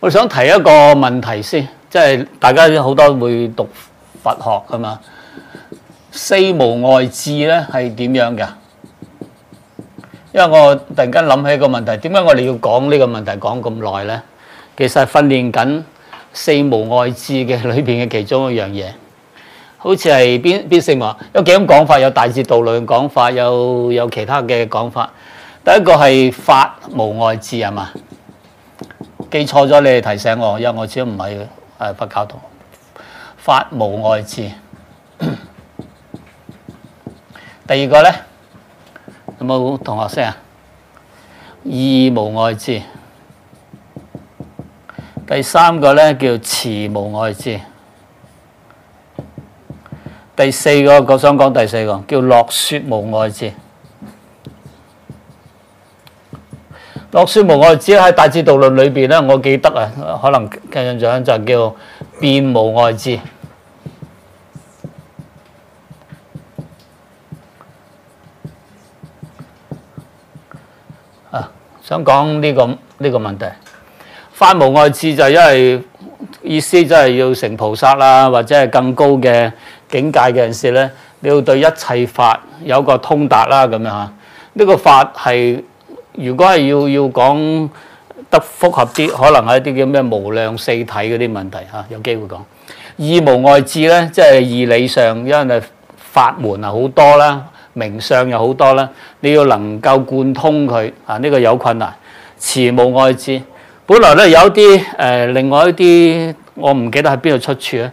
我想提一個問題先，即係大家好多都會讀佛學噶嘛？四無礙智咧係點樣嘅？因為我突然間諗起一個問題，點解我哋要講呢個問題講咁耐咧？其實係訓練緊四無礙智嘅裏邊嘅其中一樣嘢。好似係邊邊四個？有幾種講法？有大智度論嘅講法，有有其他嘅講法。第一個係法無礙智係嘛？記錯咗你嚟提醒我，因為我始終唔係誒佛教徒。法無礙智。第二個咧有冇同學識啊？義無礙智。第三個咧叫詞無礙智。第四個，我想講第四個叫樂說無礙智。樂說無礙智喺《大智度論》裏邊咧，我記得啊，可能嘅印象就叫辯無礙智啊。想講呢、呢個呢、呢個問題，法無礙智就係因為意思，即係要成菩薩啦，或者係更高嘅。境界嘅人士咧，你要對一切法有個通達啦，咁樣嚇。呢、這個法係如果係要要講得複合啲，可能係一啲叫咩無量四體嗰啲問題嚇，有機會講。義無礙智咧，即係義理上，因為法門啊好多啦，名相又好多啦，你要能夠貫通佢啊，呢、這個有困難。詞無礙智，本來咧有啲誒、呃，另外一啲我唔記得喺邊度出處啊。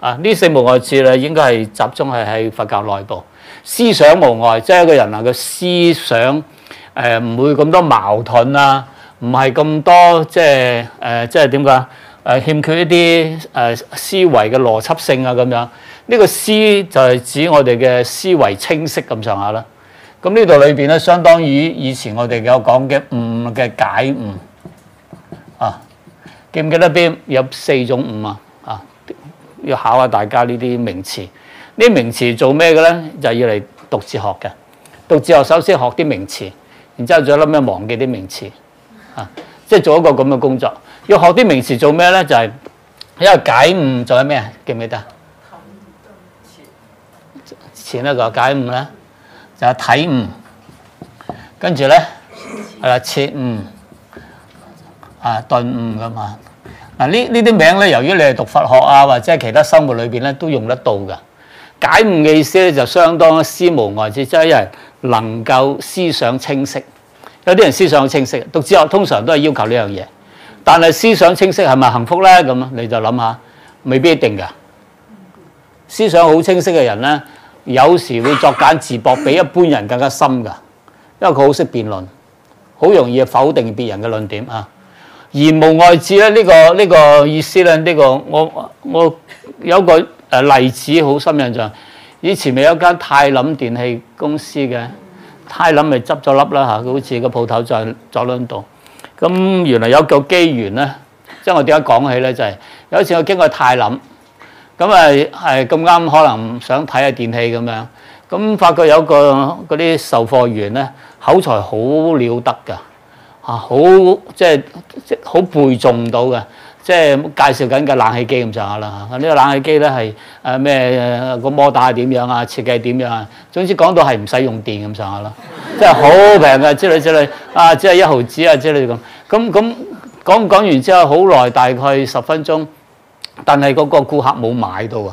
啊！呢四無礙智咧，應該係集中係喺佛教內部思想無礙，即係一個人啊，個思想誒唔、呃、會咁多矛盾啊，唔係咁多即係誒、呃、即係點解？誒、呃、欠缺一啲誒思維嘅邏輯性啊，咁樣呢、這個思就係指我哋嘅思維清晰咁上下啦。咁呢度裏邊咧，面相當於以前我哋有講嘅悟嘅解悟啊，記唔記得邊有四種悟啊？要考下大家呢啲名詞，呢啲名詞做咩嘅咧？就係、是、要嚟讀哲學嘅。讀哲學首先學啲名詞，然之後再諗咩忘記啲名詞，嗯、啊，即係做一個咁嘅工作。要學啲名詞做咩咧？就係、是、因為解悟，仲有咩啊？記唔記得？睇悟、嗯、切悟、個解悟咧，就係、是、睇悟。跟住咧係啦，切前、啊、悟。啊，頓悟嘅嘛。嗱，呢呢啲名咧，由於你係讀佛學啊，或者係其他生活裏邊咧，都用得到噶。解悟嘅意思咧，就相當於思無礙智，即係因為能夠思想清晰。有啲人思想清晰，讀哲學通常都係要求呢樣嘢。但係思想清晰係咪幸福咧？咁啊，你就諗下，未必一定嘅。思想好清晰嘅人咧，有時會作繭自縛比一般人更加深嘅，因為佢好識辯論，好容易否定別人嘅論點啊。言無礙智咧，呢、呢個呢、呢個意思咧，呢、呢個我我有個誒例子好深印象。以前咪有間泰林電器公司嘅，泰林咪執咗笠啦嚇，好似個鋪頭就咗兩度。咁原來有個機緣咧，即係我點解講起咧，就係、是、有一次我經過泰林，咁誒係咁啱，可能想睇下電器咁樣，咁發覺有個嗰啲售貨員咧，口才好了得㗎。啊，好即係即係好背中到嘅，即係介紹緊嘅冷氣機咁上下啦嚇。呢、這個冷氣機咧係誒咩個摩打係點樣啊？設計點樣啊？總之講到係唔使用電咁上下咯，即係好平嘅之類之類啊，即係一毫子啊之類咁。咁咁講講完之後，好耐大概十分鐘，但係嗰個顧客冇買到啊。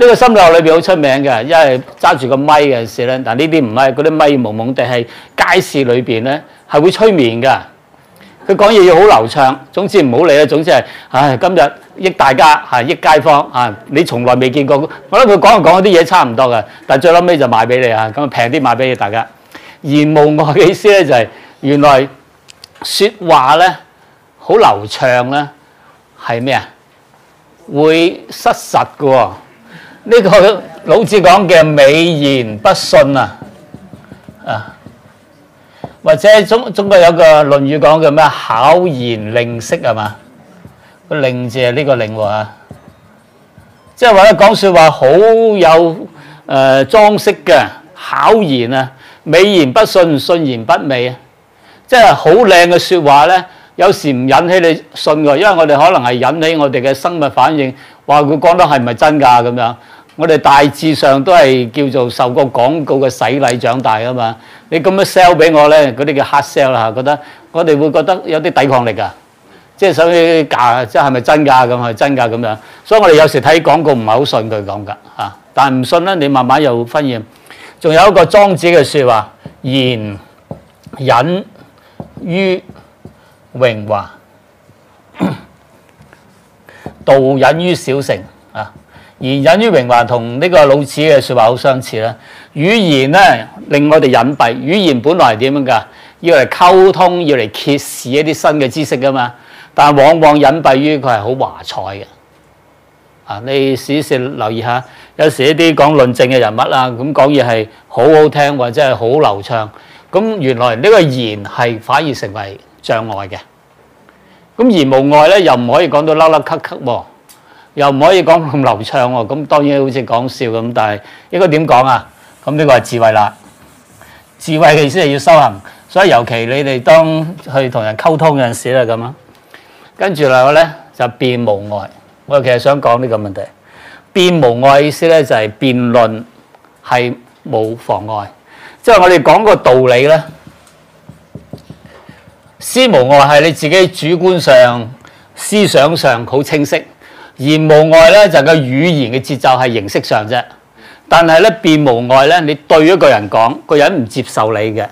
呢個心理學裏邊好出名嘅，因為揸住個咪嘅事咧，但呢啲唔係嗰啲咪蒙蒙地係街市裏邊咧，係會催眠嘅。佢講嘢要好流暢，總之唔好理啦。總之係唉，今日益大家嚇、啊，益街坊嚇、啊。你從來未見過，我覺得佢講啊講嗰啲嘢差唔多嘅，但最撈尾就賣俾你嚇，咁平啲賣俾大家。辭無礙嘅意思咧就係、是、原來說話咧好流暢咧係咩啊？會失實嘅。.呢個老子講嘅美言不信啊，啊，或者中中國有個《論語》講嘅咩巧言令色係嘛？個令字係呢個令喎，啊，即係話咧講説話好有誒裝飾嘅巧言啊，美言不信，信言不美啊，即係好靚嘅説話咧，有時唔引起你信嘅，因為我哋可能係引起我哋嘅生物反應。話佢講得係咪真㗎咁樣？我哋大致上都係叫做受過廣告嘅洗禮長大啊嘛！你咁樣 sell 俾我咧，嗰啲叫黑 sell 啦，覺得我哋會覺得有啲抵抗力啊！即係首先假，即係咪真㗎咁啊？真㗎咁樣，所以我哋有時睇廣告唔係好信佢講㗎嚇，但係唔信咧，你慢慢又分驗。仲有一個莊子嘅説話：言隱於榮華。道隱於小城啊，言隱於榮華同呢個老子嘅説話好相似啦。語言咧，令我哋隱蔽，語言本來係點樣㗎？要嚟溝通，要嚟揭示一啲新嘅知識噶嘛。但往往隱蔽於佢係好華彩嘅。啊，你試一試留意一下，有時一啲講論證嘅人物啊，咁講嘢係好好聽或者係好流暢，咁原來呢個言係反而成為障礙嘅。咁而無礙咧，又唔可以講到甩甩咳咳喎，又唔可以講咁流暢喎。咁當然好似講笑咁，但係應該點講啊？咁呢個係智慧啦。智慧嘅意思係要修行，所以尤其你哋當去同人溝通嗰陣時咧咁啊。跟住兩個咧就辯無礙。我其實想講呢個問題。辯無礙意思咧就係辯論係冇妨礙，即係我哋講個道理咧。思無外係你自己主觀上思想上好清晰，而無外咧，就係個語言嘅節奏係形式上啫。但係咧，辯無外咧，你對一個人講，個人唔接受你嘅，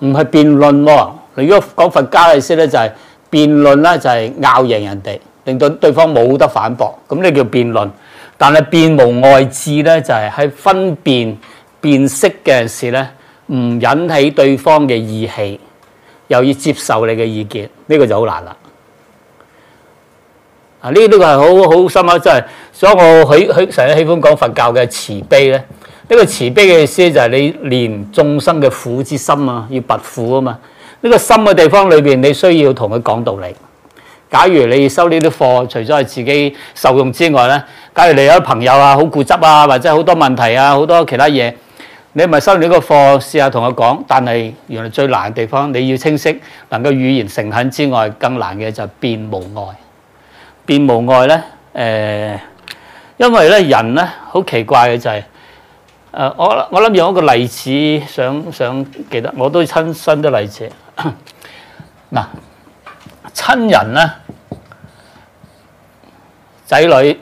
唔係辯論喎。你如果講佛家意思咧，就係辯論咧，就係拗贏人哋，令到對方冇得反駁，咁呢叫辯論。但係辯無外智咧，就係喺分辨辨識嘅事咧，唔引起對方嘅意氣。又要接受你嘅意見，呢、這個就好難啦。啊，呢、這、呢個係好好深啊，真、就、係、是。所以我喜喜成日喜歡講佛教嘅慈悲咧。呢、這個慈悲嘅意思就係你憐眾生嘅苦之心啊，要拔苦啊嘛。呢、這個深嘅地方裏邊，你需要同佢講道理。假如你收呢啲課，除咗係自己受用之外咧，假如你有啲朋友啊，好固執啊，或者好多問題啊，好多其他嘢。你咪收你個課，試下同我講。但係原來最難嘅地方，你要清晰能夠語言誠懇之外，更難嘅就係辯無礙。辯無礙咧，誒、呃，因為咧人咧好奇怪嘅就係、是，誒我我諗用一個例子想想記得，我都親身的例子。嗱，親 人咧，仔女、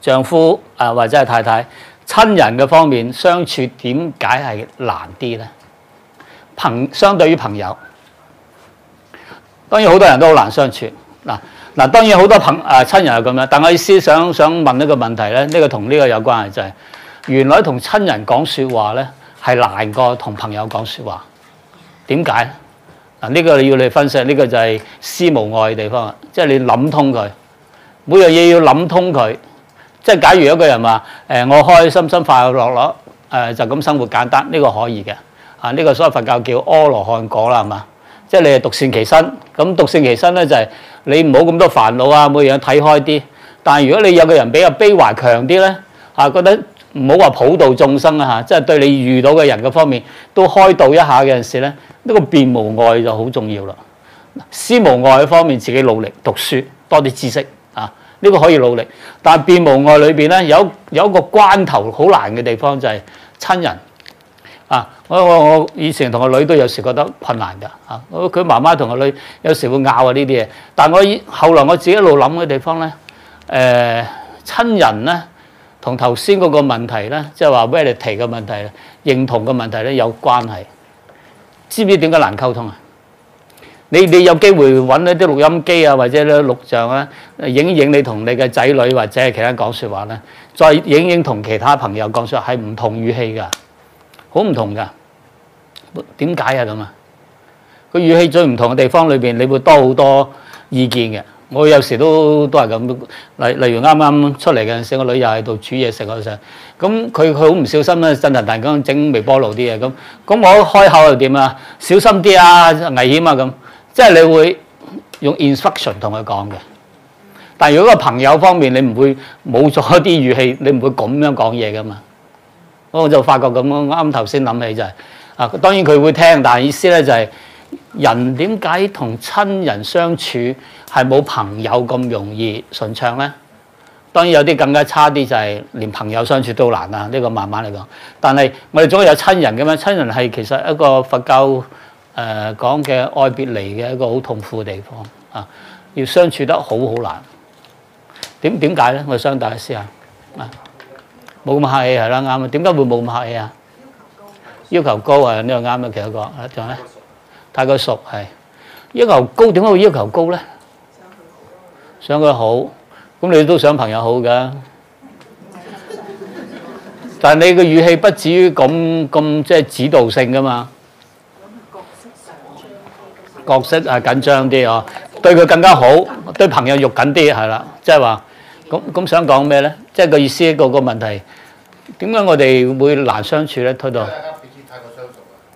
丈夫啊，或者係太太。親人嘅方面相處點解係難啲呢？朋相對於朋友，當然好多人都好難相處。嗱、啊、嗱，當然好多朋啊親人係咁樣。但我意思想想問一個問題呢，呢、這個同呢個有關係就係、是，原來同親人講說話呢，係難過同朋友講說話。點解？嗱、啊、呢、這個要你分析，呢、這個就係四無礙嘅地方啊！即、就、係、是、你諗通佢，每樣嘢要諗通佢。即係假如一個人話誒、欸、我開心心快樂樂誒、呃、就咁生活簡單呢、這個可以嘅啊，呢、這個所謂佛教叫阿羅漢果啦係嘛？即係你係獨善其身，咁獨善其身咧就係、是、你唔好咁多煩惱啊，每樣睇開啲。但係如果你有個人比較悲懷強啲咧嚇，覺得唔好話普度眾生啊嚇，即係對你遇到嘅人嘅方面都開導一下嘅陣時咧，呢、那個辯無礙就好重要啦。辭無礙方面，自己努力讀書多啲知識。呢個可以努力，但係辯無礙裏邊咧，有有一個關頭好難嘅地方就係、是、親人啊！我我我以前同個女都有時覺得困難㗎啊！佢媽媽同個女有時會拗啊呢啲嘢，但係我後來我自己一路諗嘅地方咧，誒、呃、親人咧，同頭先嗰個問題咧，即係話 validity 嘅問題、認同嘅問題咧有關係，知唔知點解難溝通啊？你你有機會揾一啲錄音機啊，或者咧錄像啊，影影你同你嘅仔女或者係其他講說話咧，再影影同其他朋友講説話係唔同語氣噶，好唔同噶。點解啊咁啊？個語氣最唔同嘅地方裏邊，你會多好多意見嘅。我有時都都係咁，例例如啱啱出嚟嘅，細個女又喺度煮嘢食嗰陣，咁佢佢好唔小心啊，震震彈咁整微波爐啲嘢咁，咁我開口又點啊？小心啲啊，危險啊咁。即係你會用 instruction 同佢講嘅，但係如果個朋友方面，你唔會冇咗啲語氣，你唔會咁樣講嘢噶嘛？我就發覺咁樣，啱頭先諗起就係、是、啊，當然佢會聽，但係意思咧就係、是、人點解同親人相處係冇朋友咁容易順暢咧？當然有啲更加差啲，就係連朋友相處都難啦。呢、這個慢慢嚟講，但係我哋總有親人咁樣。親人係其實一個佛教，誒、呃、講嘅愛別離嘅一個好痛苦嘅地方啊，要相處得好好難。點點解咧？我想大家試下，啊，冇咁客氣係啦，啱啊。點解會冇咁客氣啊？要求高啊，呢個啱啊，其他個仲有咧，太過熟係要求高，點解會要求高咧？想佢好，咁你都想朋友好噶。 但係你嘅語氣不至於咁咁即係指導性噶嘛？角色係緊張啲哦，對佢更加好，對朋友肉緊啲係啦，即係話咁咁想講咩咧？即係個意思一個個問題點解我哋會難相處咧？推到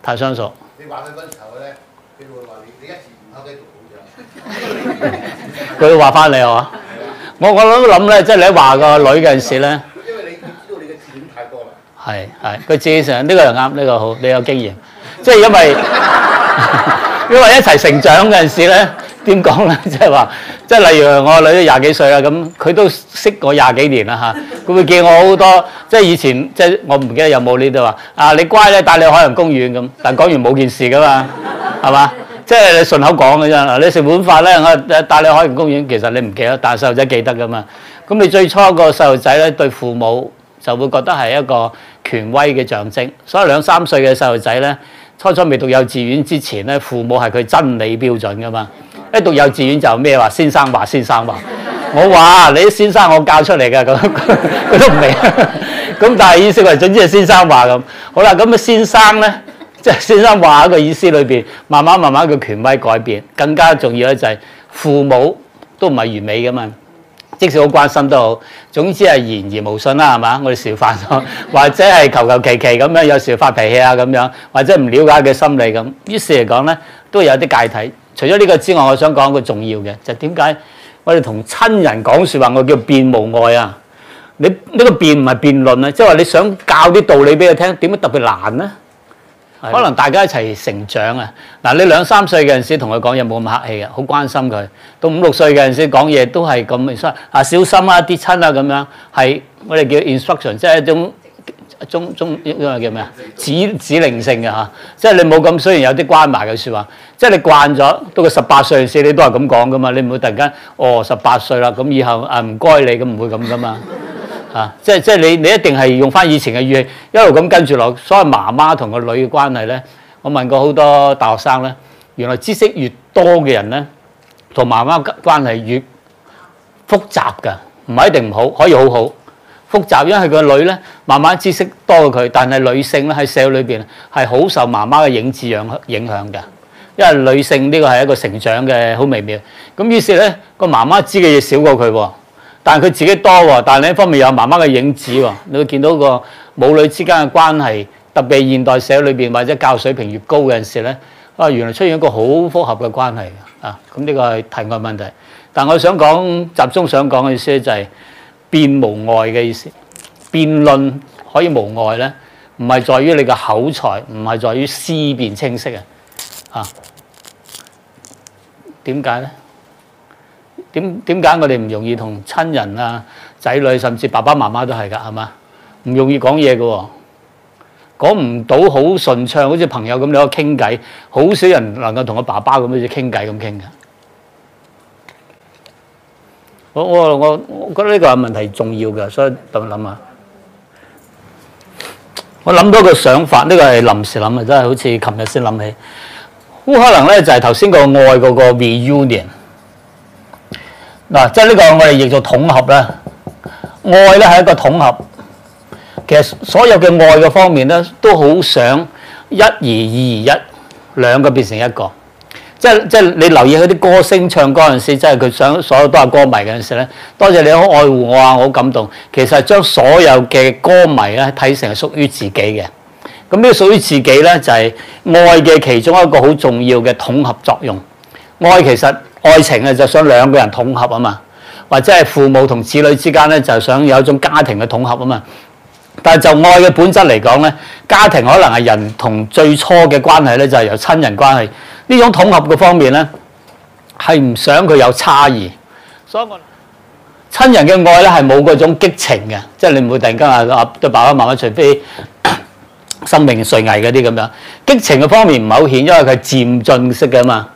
太相熟，你話佢嗰陣時候咧，佢會話你你一事唔偷雞做老嘢，佢會話翻你哦。我我諗諗咧，即係你一話個女嗰陣時咧，因為你知道你嘅錢太多啦。係係，佢自己上呢個又啱，呢個好你有經驗，即係因為。因為一齊成長嗰陣時咧，點講咧？即係話，即係例如我個女都廿幾歲啦，咁佢都識我廿幾年啦吓。佢會見我好多，即係以前，即係我唔記得有冇呢度話。啊，你乖咧，帶你去海洋公園咁。但係講完冇件事噶嘛，係嘛？即係你順口講嘅啫。你食碗飯咧，我帶你去海洋公園，其實你唔記得，但係細路仔記得噶嘛。咁你最初個細路仔咧，對父母就會覺得係一個權威嘅象徵。所以兩三歲嘅細路仔咧。初初未讀幼稚園之前咧，父母係佢真理標準噶嘛。一讀幼稚園就咩話？先生話，先生話， 我話你先生我教出嚟嘅，咁佢都唔明。咁 但係意思係總之係先生話咁。好啦，咁嘅先生咧，即係先生話嘅意思裏邊，慢慢慢慢個權威改變，更加重要嘅就係父母都唔係完美嘅嘛。即使好關心都好，總之係言而無信啦，係嘛？我哋笑翻咗， 或者係求求其其咁樣，有時發脾氣啊咁樣，或者唔了解佢心理咁。於是嚟講咧，都有啲芥蒂。除咗呢個之外，我想講一個重要嘅，就係點解我哋同親人講說話，我叫辯無礙啊。你呢、這個辯唔係辯論啊，即係話你想教啲道理俾佢聽，點解特別難咧？可能大家一齊成長啊！嗱，你兩三歲嘅陣時同佢講嘢冇咁客氣啊？好關心佢。到五六歲嘅陣時講嘢都係咁樣，啊，小心啊，跌親啊咁樣，係我哋叫 instruction，即係一種中中呢個叫咩啊？指指令性嘅嚇，即係你冇咁。雖然有啲關懷嘅説話，即係你慣咗，到佢十八歲嗰陣時，你都係咁講噶嘛。你唔會突然間，哦十八歲啦，咁以後誒唔該你，咁唔會咁噶嘛。 啊！即即你你一定係用翻以前嘅語氣，一路咁跟住落。所謂媽媽同個女嘅關係咧，我問過好多大學生咧，原來知識越多嘅人咧，同媽媽關關係越複雜嘅，唔係一定唔好，可以好好複雜，因為個女咧慢慢知識多過佢，但係女性咧喺社會裏邊係好受媽媽嘅影子影影響嘅，因為女性呢個係一個成長嘅好微妙。咁於是咧，個媽媽知嘅嘢少過佢喎。但佢自己多喎，但另一方面又有媽媽嘅影子喎。你會見到個母女之間嘅關係，特別現代社會裏邊或者教水平越高嘅人士咧，啊，原來出現一個好複合嘅關係啊。咁呢個係題外問題。但我想講集中想講嘅意思就係辯無礙嘅意思，辯論可以無礙咧，唔係在於你嘅口才，唔係在於思辨清晰啊。點解咧？點點解我哋唔容易同親人啊、仔女，甚至爸爸媽媽都係噶，係嘛？唔容易講嘢嘅，講唔到好順暢，好似朋友咁樣傾偈，好少人能夠同我爸爸咁樣傾偈咁傾嘅。我我我覺得呢個係問題重要嘅，所以等我諗下。我諗到一個想法，呢個係臨時諗嘅，真係好似琴日先諗起。好可能咧，就係頭先個愛嗰個 reunion。嗱，即係呢個我哋譯做統合啦，愛咧係一個統合。其實所有嘅愛嘅方面咧，都好想一而二而一，兩個變成一個。即係即係你留意佢啲歌星唱歌嗰陣時，即係佢想所有都係歌迷嗰陣時咧。多謝你好愛護我啊，我好感動。其實將所有嘅歌迷咧睇成係屬於自己嘅。咁呢個屬於自己咧，就係愛嘅其中一個好重要嘅統合作用。愛其實。愛情咧，就想兩個人統合啊嘛，或者係父母同子女之間咧，就想有一種家庭嘅統合啊嘛。但係就愛嘅本質嚟講咧，家庭可能係人同最初嘅關係咧，就係由親人關係呢種統合嘅方面咧，係唔想佢有差異。所以我親人嘅愛咧係冇嗰種激情嘅，即係你唔會突然間話對爸爸媽媽，除非 生命垂危嗰啲咁樣。激情嘅方面唔係好顯，因為佢係漸進式嘅嘛。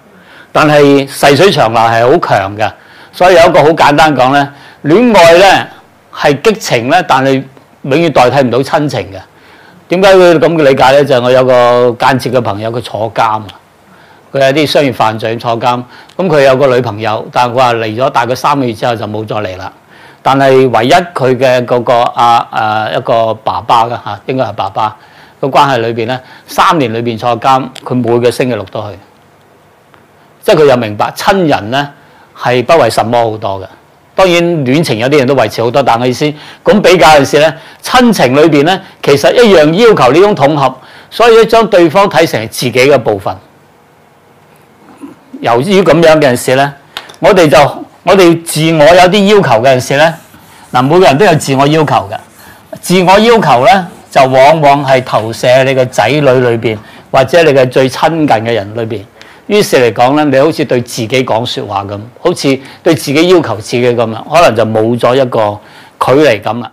但係細水長流係好強嘅，所以有一個好簡單講呢：戀愛呢係激情呢，但係永遠代替唔到親情嘅。點解會咁嘅理解呢？就係、是、我有個間接嘅朋友，佢坐監啊，佢係啲商業犯罪坐監，咁佢有個女朋友，但係佢話嚟咗大概三個月之後就冇再嚟啦。但係唯一佢嘅嗰個啊誒、啊啊、一個爸爸㗎吓，應該係爸爸個關係裏邊呢，三年裏邊坐監，佢每個星期六都去。即係佢又明白親人呢係不為什麼好多嘅，當然戀情有啲人都維持好多，但我意思咁比較嘅陣時呢，親情裏邊呢，其實一樣要求呢種統合，所以咧將對方睇成係自己嘅部分。由於咁樣嘅陣時呢，我哋就我哋自我有啲要求嘅陣時呢，嗱，每個人都有自我要求嘅，自我要求呢，就往往係投射喺你嘅仔女裏邊，或者你嘅最親近嘅人裏邊。於是嚟講呢，你好似對自己講説話咁，好似對自己要求自己咁啦，可能就冇咗一個距離感啦。